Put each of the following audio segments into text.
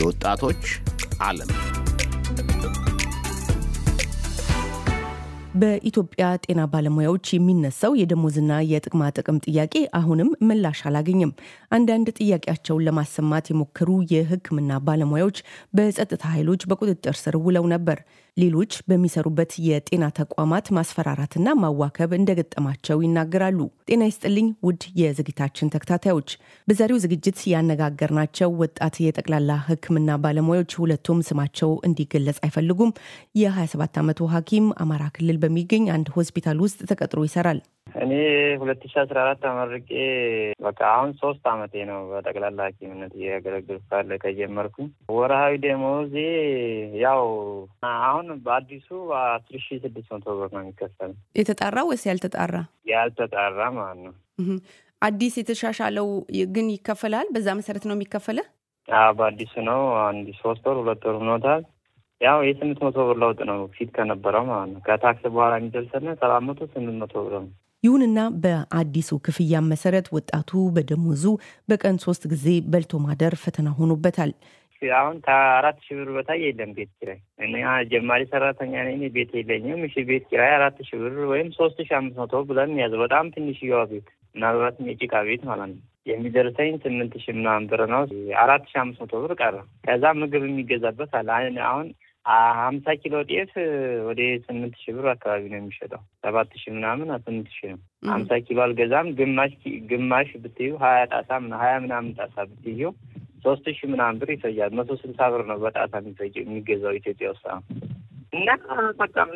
የወጣቶች ዓለም በኢትዮጵያ ጤና ባለሙያዎች የሚነሳው የደሞዝና የጥቅማ ጥቅም ጥያቄ አሁንም ምላሽ አላገኘም። አንዳንድ ጥያቄያቸውን ለማሰማት የሞከሩ የሕክምና ባለሙያዎች በጸጥታ ኃይሎች በቁጥጥር ስር ውለው ነበር። ሌሎች በሚሰሩበት የጤና ተቋማት ማስፈራራትና ማዋከብ እንደገጠማቸው ይናገራሉ። ጤና ይስጥልኝ ውድ የዝግጅታችን ተከታታዮች፣ በዛሬው ዝግጅት ያነጋገርናቸው ወጣት የጠቅላላ ህክምና ባለሙያዎች ሁለቱም ስማቸው እንዲገለጽ አይፈልጉም። የ27 ዓመቱ ሐኪም አማራ ክልል በሚገኝ አንድ ሆስፒታል ውስጥ ተቀጥሮ ይሰራል። እኔ ሁለት ሺ አስራ አራት ተመርቄ በቃ አሁን ሶስት አመቴ ነው በጠቅላላ ሐኪምነት እያገለግል ካለ ከጀመርኩኝ ወርሃዊ ደሞዜ ያው አሁን በአዲሱ አስር ሺ ስድስት መቶ ብር ነው የሚከፈል። የተጣራ ወይስ ያልተጣራ? ያልተጣራ ማለት ነው። አዲስ የተሻሻለው ግን ይከፈላል። በዛ መሰረት ነው የሚከፈለ። በአዲሱ ነው። አንድ ሶስት ወር ሁለት ወር ሆኖታል። ያው የስምንት መቶ ብር ለውጥ ነው ፊት ከነበረው ማለት ነው። ከታክስ በኋላ የሚደርሰን ሰባት መቶ ስምንት መቶ ብር ነው። ይሁንና በአዲሱ ክፍያ መሰረት ወጣቱ በደሞዙ በቀን ሶስት ጊዜ በልቶ ማደር ፈተና ሆኖበታል። አሁን ከአራት ሺህ ብር በታይ የለም ቤት ኪራይ። እኔ ጀማሪ ሰራተኛ ነኝ፣ ቤት የለኝም። እሺ ቤት ኪራይ አራት ሺህ ብር ወይም ሶስት ሺህ አምስት መቶ ብለን ያዘ። በጣም ትንሽ ትንሽዬዋ ቤት ምናልባት የጭቃ ቤት ማለት ነው። የሚደርሰኝ ስምንት ሺህ ምናምን ብር ነው። አራት ሺህ አምስት መቶ ብር ቀረ። ከዛ ምግብ የሚገዛበት አለ አሁን ሀምሳ ኪሎ ጤፍ ወደ ስምንት ሺህ ብር አካባቢ ነው የሚሸጠው። ሰባት ሺህ ምናምን ስምንት ሺህ ነው። ሀምሳ ኪሎ አልገዛም። ግማሽ ግማሽ ብትዩ ሀያ ጣሳ ሀያ ምናምን ጣሳ ብትየው ሶስት ሺህ ምናምን ብር ይፈጃል። መቶ ስልሳ ብር ነው በጣሳ የሚገዛው ኢትዮጵያ ውስጥ አሁን እና በቃም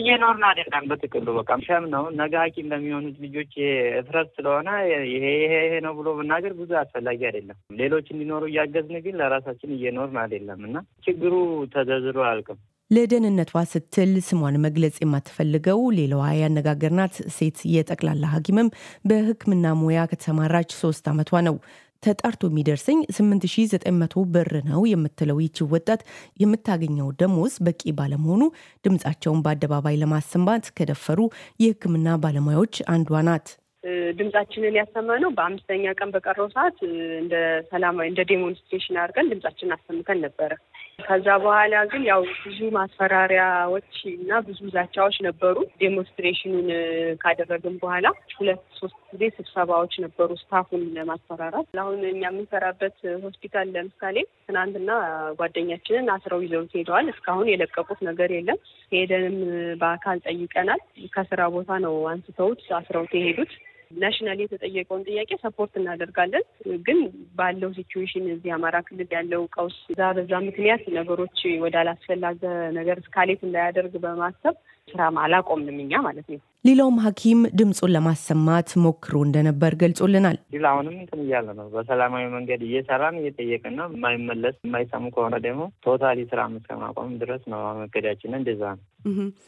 እየኖርን አይደለም። በትክክሉ በቃ ሸም ነው። ነገ ሐኪም ለሚሆኑት ልጆች እፍረት ስለሆነ ይሄ ይሄ ይሄ ነው ብሎ መናገር ብዙ አስፈላጊ አይደለም። ሌሎች እንዲኖሩ እያገዝን ግን ለራሳችን እየኖርን አይደለም እና ችግሩ ተዘርዝሮ አያልቅም። ለደህንነቷ ስትል ስሟን መግለጽ የማትፈልገው ሌላዋ ያነጋገርናት ሴት የጠቅላላ ሐኪምም በሕክምና ሙያ ከተሰማራች ሶስት ዓመቷ ነው። ተጣርቶ የሚደርሰኝ 8900 ብር ነው የምትለው ይቺ ወጣት የምታገኘው ደሞዝ በቂ ባለመሆኑ ድምፃቸውን በአደባባይ ለማሰማት ከደፈሩ የሕክምና ባለሙያዎች አንዷ ናት። ድምጻችንን ነው በአምስተኛ ቀን በቀረው ሰዓት እንደ ሰላማዊ እንደ ዴሞንስትሬሽን አድርገን ድምጻችንን አሰምተን ነበረ። ከዛ በኋላ ግን ያው ብዙ ማስፈራሪያዎች እና ብዙ ዛቻዎች ነበሩ። ዴሞንስትሬሽኑን ካደረግን በኋላ ሁለት ሶስት ጊዜ ስብሰባዎች ነበሩ ስታፉን ለማስፈራራት። አሁን እኛ የምንሰራበት ሆስፒታል ለምሳሌ ትናንትና ጓደኛችንን አስረው ይዘውት ሄደዋል። እስካሁን የለቀቁት ነገር የለም። ሄደንም በአካል ጠይቀናል። ከስራ ቦታ ነው አንስተውት አስረውት የሄዱት። ናሽናል የተጠየቀውን ጥያቄ ሰፖርት እናደርጋለን። ግን ባለው ሲትዌሽን እዚህ አማራ ክልል ያለው ቀውስ እዛ በዛ ምክንያት ነገሮች ወደ አላስፈላገ ነገር እስካሌት እንዳያደርግ በማሰብ ስራ አላቆምንም እኛ ማለት ነው። ሌላውም ሐኪም ድምፁን ለማሰማት ሞክሮ እንደነበር ገልጾልናል። ሌላ አሁንም እንትን እያለ ነው። በሰላማዊ መንገድ እየሰራን እየጠየቅን ነው። የማይመለስ የማይሰሙ ከሆነ ደግሞ ቶታሊ ስራ እስከማቆም ድረስ ነው እንደዛ ነው።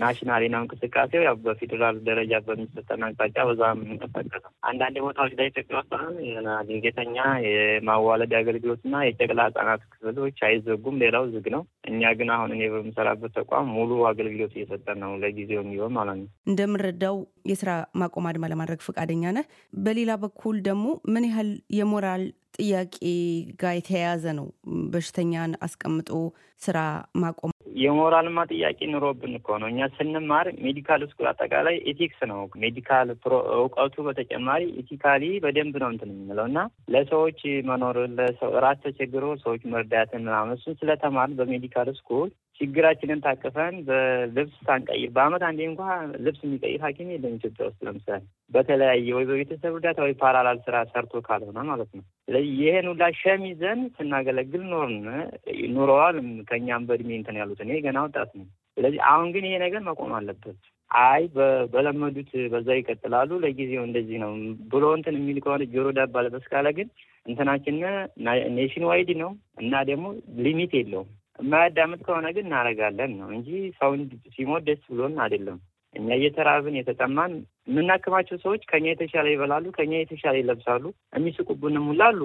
ናሽናል ና እንቅስቃሴው ያው በፌዴራል ደረጃ በሚሰጠን አቅጣጫ በዛ የምንቀሳቀሰው። አንዳንድ ቦታዎች ላይ ኢትዮጵያ ውስጥ አሁን ድንገተኛ የማዋለድ አገልግሎትና የጨቅላ ህጻናት ክፍሎች አይዘጉም፣ ሌላው ዝግ ነው። እኛ ግን አሁን እኔ በምሰራበት ተቋም ሙሉ አገልግሎት እየሰጠን ነው፣ ለጊዜው የሚሆን ማለት ነው። እንደምንረዳው የስራ ማቆም አድማ ለማድረግ ፈቃደኛ ነህ። በሌላ በኩል ደግሞ ምን ያህል የሞራል ጥያቄ ጋር የተያያዘ ነው በሽተኛን አስቀምጦ ስራ ማቆም የሞራልማ ጥያቄ ኑሮብን እኮ ነው። እኛ ስንማር ሜዲካል ስኩል አጠቃላይ ኤቲክስ ነው። ሜዲካል እውቀቱ በተጨማሪ ኢቲካሊ በደንብ ነው እንትን የምንለው እና ለሰዎች መኖር ራስ ተቸግሮ ሰዎች መርዳትን ምናምን እሱን ስለተማር በሜዲካል ስኩል ችግራችንን ታቅፈን በልብስ ሳንቀይር በአመት አንዴ እንኳ ልብስ የሚቀይር ሐኪም የለም ኢትዮጵያ ውስጥ ለምሳሌ በተለያየ ወይ በቤተሰብ እርዳታ ወይ ፓራላል ስራ ሰርቶ ካልሆነ ማለት ነው። ስለዚህ ይህን ሁላ ሸም ስናገለግል ኖርን ኑረዋል። ከእኛም በእድሜ እንትን ያሉት እኔ ገና ወጣት ነው። ስለዚህ አሁን ግን ይሄ ነገር መቆም አለበት። አይ በለመዱት በዛ ይቀጥላሉ፣ ለጊዜው እንደዚህ ነው ብሎ እንትን የሚል ከሆነ ጆሮ ዳባ ካለ ግን እንትናችን ኔሽን ዋይድ ነው እና ደግሞ ሊሚት የለውም የማያዳምጥ ከሆነ ግን እናደርጋለን ነው እንጂ ሰውን ሲሞት ደስ ብሎን አይደለም። እኛ እየተራብን የተጠማን የምናክማቸው ሰዎች ከኛ የተሻለ ይበላሉ፣ ከኛ የተሻለ ይለብሳሉ፣ የሚስቁብንም ሁላሉ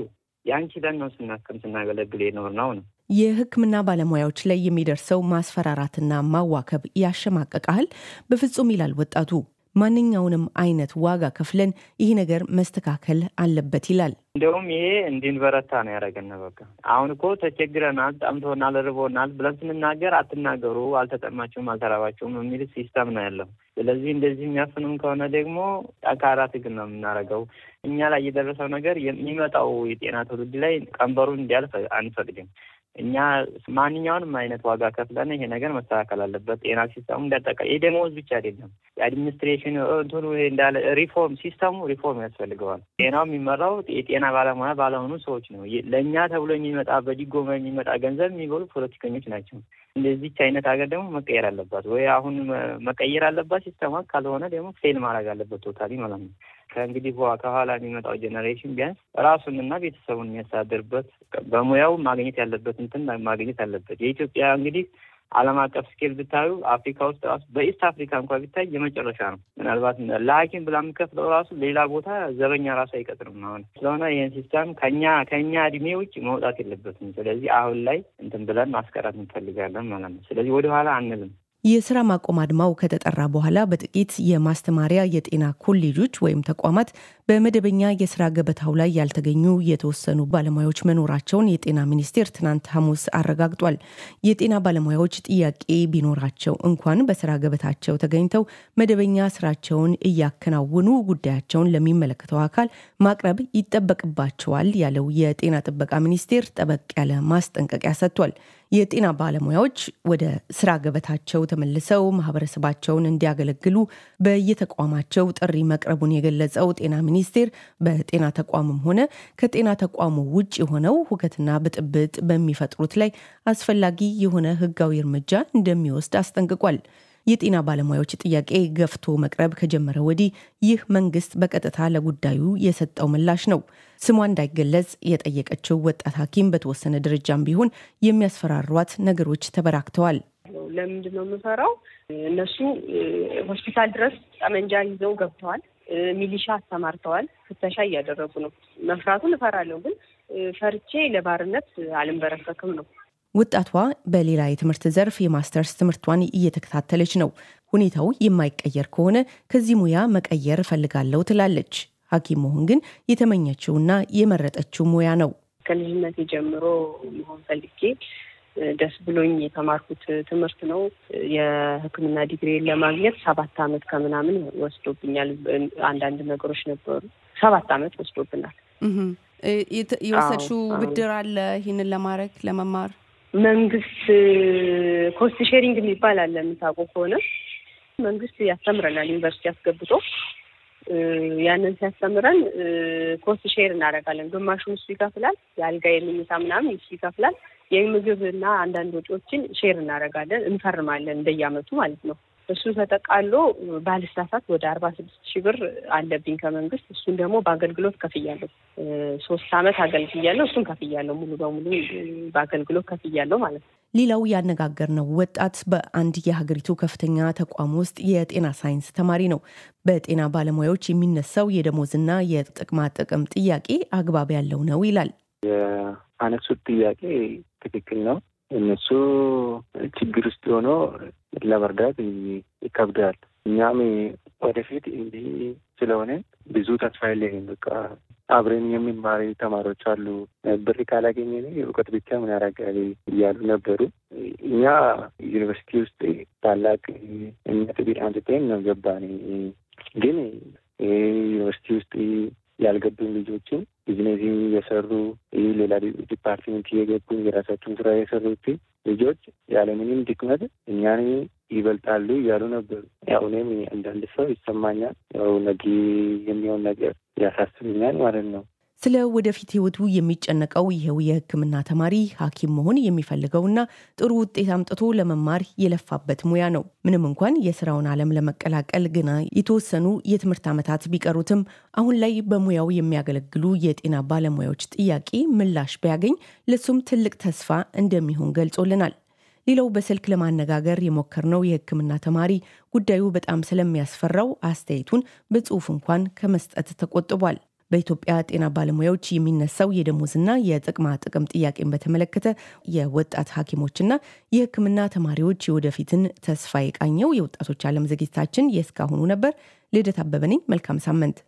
ያን ችለን ነው ስናክም ስናገለግል የኖር ነው ነው የሕክምና ባለሙያዎች ላይ የሚደርሰው ማስፈራራትና ማዋከብ ያሸማቀቃል በፍጹም ይላል ወጣቱ። ማንኛውንም አይነት ዋጋ ከፍለን ይህ ነገር መስተካከል አለበት ይላል። እንደውም ይሄ እንድንበረታ ነው ያደረገን። በቃ አሁን እኮ ተቸግረናል፣ ጠምቶናል፣ ርቦናል ብለን ስንናገር አትናገሩ፣ አልተጠማችሁም፣ አልተራባችሁም የሚል ሲስተም ነው ያለው። ስለዚህ እንደዚህ የሚያፍኑም ከሆነ ደግሞ ጠንካራ ትግል ነው የምናደርገው። እኛ ላይ የደረሰው ነገር የሚመጣው የጤና ትውልድ ላይ ቀንበሩ እንዲያልፍ አንፈቅድም። እኛ ማንኛውንም አይነት ዋጋ ከፍለን ይሄ ነገር መስተካከል አለበት። ጤና ሲስተሙ እንዳጠቃ የደሞዝ ብቻ አይደለም፣ የአድሚኒስትሬሽን እንትኑ እንዳለ ሪፎርም ሲስተሙ ሪፎርም ያስፈልገዋል። ጤናው የሚመራው የጤና ባለሙያ ባለሆኑ ሰዎች ነው። ለእኛ ተብሎ የሚመጣ በዲጎማ የሚመጣ ገንዘብ የሚበሉ ፖለቲከኞች ናቸው። እንደዚች አይነት ሀገር ደግሞ መቀየር አለባት ወይ አሁን መቀየር አለባት ሲስተማ፣ ካልሆነ ደግሞ ፌል ማድረግ አለበት ቶታሊ ማለት ነው። ከእንግዲህ ከኋላ የሚመጣው ጄኔሬሽን ቢያንስ ራሱንና ቤተሰቡን የሚያስተዳድርበት በሙያው ማግኘት ያለበት እንትን ማግኘት አለበት። የኢትዮጵያ እንግዲህ ዓለም አቀፍ ስኬል ብታዩ አፍሪካ ውስጥ ራሱ በኢስት አፍሪካ እንኳ ቢታይ የመጨረሻ ነው። ምናልባት ለሐኪም ብላ የምከፍለው ራሱ ሌላ ቦታ ዘበኛ ራሱ አይቀጥርም። አሁን ስለሆነ ይህን ሲስተም ከኛ ከኛ እድሜ ውጭ መውጣት የለበትም። ስለዚህ አሁን ላይ እንትን ብለን ማስቀረት እንፈልጋለን ማለት ነው። ስለዚህ ወደኋላ አንልም። የስራ ማቆም አድማው ከተጠራ በኋላ በጥቂት የማስተማሪያ የጤና ኮሌጆች ወይም ተቋማት በመደበኛ የስራ ገበታው ላይ ያልተገኙ የተወሰኑ ባለሙያዎች መኖራቸውን የጤና ሚኒስቴር ትናንት ሐሙስ አረጋግጧል። የጤና ባለሙያዎች ጥያቄ ቢኖራቸው እንኳን በስራ ገበታቸው ተገኝተው መደበኛ ስራቸውን እያከናወኑ ጉዳያቸውን ለሚመለከተው አካል ማቅረብ ይጠበቅባቸዋል ያለው የጤና ጥበቃ ሚኒስቴር ጠበቅ ያለ ማስጠንቀቂያ ሰጥቷል። የጤና ባለሙያዎች ወደ ስራ ገበታቸው ተመልሰው ማህበረሰባቸውን እንዲያገለግሉ በየተቋማቸው ጥሪ መቅረቡን የገለጸው ጤና ሚኒስ ሚኒስቴር በጤና ተቋምም ሆነ ከጤና ተቋሙ ውጭ የሆነው ሁከትና ብጥብጥ በሚፈጥሩት ላይ አስፈላጊ የሆነ ህጋዊ እርምጃ እንደሚወስድ አስጠንቅቋል። የጤና ባለሙያዎች ጥያቄ ገፍቶ መቅረብ ከጀመረ ወዲህ ይህ መንግስት በቀጥታ ለጉዳዩ የሰጠው ምላሽ ነው። ስሟ እንዳይገለጽ የጠየቀችው ወጣት ሐኪም በተወሰነ ደረጃም ቢሆን የሚያስፈራሯት ነገሮች ተበራክተዋል። ለምንድን ነው የምፈራው? እነሱ ሆስፒታል ድረስ ጠመንጃ ይዘው ገብተዋል። ሚሊሻ አሰማርተዋል። ፍተሻ እያደረጉ ነው። መፍራቱን እፈራለሁ፣ ግን ፈርቼ ለባርነት አልንበረከክም ነው። ወጣቷ በሌላ የትምህርት ዘርፍ የማስተርስ ትምህርቷን እየተከታተለች ነው። ሁኔታው የማይቀየር ከሆነ ከዚህ ሙያ መቀየር እፈልጋለሁ ትላለች። ሐኪም መሆን ግን የተመኘችውና የመረጠችው ሙያ ነው። ከልጅነት ጀምሮ መሆን ፈልጌ ደስ ብሎኝ የተማርኩት ትምህርት ነው። የሕክምና ዲግሪን ለማግኘት ሰባት አመት ከምናምን ወስዶብኛል። አንዳንድ ነገሮች ነበሩ። ሰባት አመት ወስዶብናል። የወሰድሽው ብድር አለ ይህንን ለማድረግ ለመማር መንግስት ኮስት ሼሪንግ የሚባል አለ። የምታውቀው ከሆነ መንግስት ያስተምረናል ዩኒቨርሲቲ አስገብቶ ያንን ሲያስተምረን ኮስት ሼር እናደርጋለን። ግማሹን እሱ ይከፍላል፣ የአልጋ የምኝታ ምናምን እሱ ይከፍላል። የምግብና እና አንዳንድ ወጪዎችን ሼር እናደርጋለን እንፈርማለን እንደየአመቱ ማለት ነው። እሱ ተጠቃሎ ባልሳሳት ወደ አርባ ስድስት ሺህ ብር አለብኝ ከመንግስት። እሱን ደግሞ በአገልግሎት ከፍያለሁ። ሶስት አመት አገልግያለሁ። እሱን ከፍያለሁ፣ ሙሉ በሙሉ በአገልግሎት ከፍያለሁ ማለት ነው። ሌላው ያነጋገርነው ወጣት በአንድ የሀገሪቱ ከፍተኛ ተቋም ውስጥ የጤና ሳይንስ ተማሪ ነው። በጤና ባለሙያዎች የሚነሳው የደሞዝና የጥቅማ ጥቅም ጥያቄ አግባብ ያለው ነው ይላል። የአነሱት ጥያቄ ትክክል ነው። እነሱ ችግር ውስጥ ሆኖ ለመርዳት ይከብዳል። እኛም ወደፊት እንዲህ ስለሆነ ብዙ ተስፋ የለኝም። በቃ አብረን የሚማሪ ተማሪዎች አሉ። ብር ካላገኘ እውቀት ብቻ ምን ያደርጋል እያሉ ነበሩ። እኛ ዩኒቨርሲቲ ውስጥ ታላቅ እምነት አንስተን ነው ገባን። ግን ይህ ዩኒቨርሲቲ ውስጥ ያልገቡኝ ልጆችን ቢዝነስ እየሰሩ ይህ ሌላ ዲፓርትመንት እየገቡ የራሳቸውን ስራ የሰሩት ልጆች ያለምንም ድክመት እኛን ይበልጣሉ እያሉ ነበሩ። ያው እኔም አንዳንድ ሰው ይሰማኛል። ያው ነገ የሚሆን ነገር ያሳስብኛል ማለት ነው። ስለ ወደፊት ህይወቱ የሚጨነቀው ይሄው የህክምና ተማሪ ሐኪም መሆን የሚፈልገውና ጥሩ ውጤት አምጥቶ ለመማር የለፋበት ሙያ ነው። ምንም እንኳን የስራውን ዓለም ለመቀላቀል ግና የተወሰኑ የትምህርት ዓመታት ቢቀሩትም አሁን ላይ በሙያው የሚያገለግሉ የጤና ባለሙያዎች ጥያቄ ምላሽ ቢያገኝ ለሱም ትልቅ ተስፋ እንደሚሆን ገልጾልናል። ሌላው በስልክ ለማነጋገር የሞከርነው የህክምና ተማሪ ጉዳዩ በጣም ስለሚያስፈራው አስተያየቱን በጽሁፍ እንኳን ከመስጠት ተቆጥቧል። በኢትዮጵያ ጤና ባለሙያዎች የሚነሳው የደሞዝና የጥቅማ ጥቅም ጥያቄን በተመለከተ የወጣት ሐኪሞችና የሕክምና ተማሪዎች የወደፊትን ተስፋ የቃኘው የወጣቶች ዓለም ዝግጅታችን የእስካሁኑ ነበር። ልደት አበበ ነኝ። መልካም ሳምንት።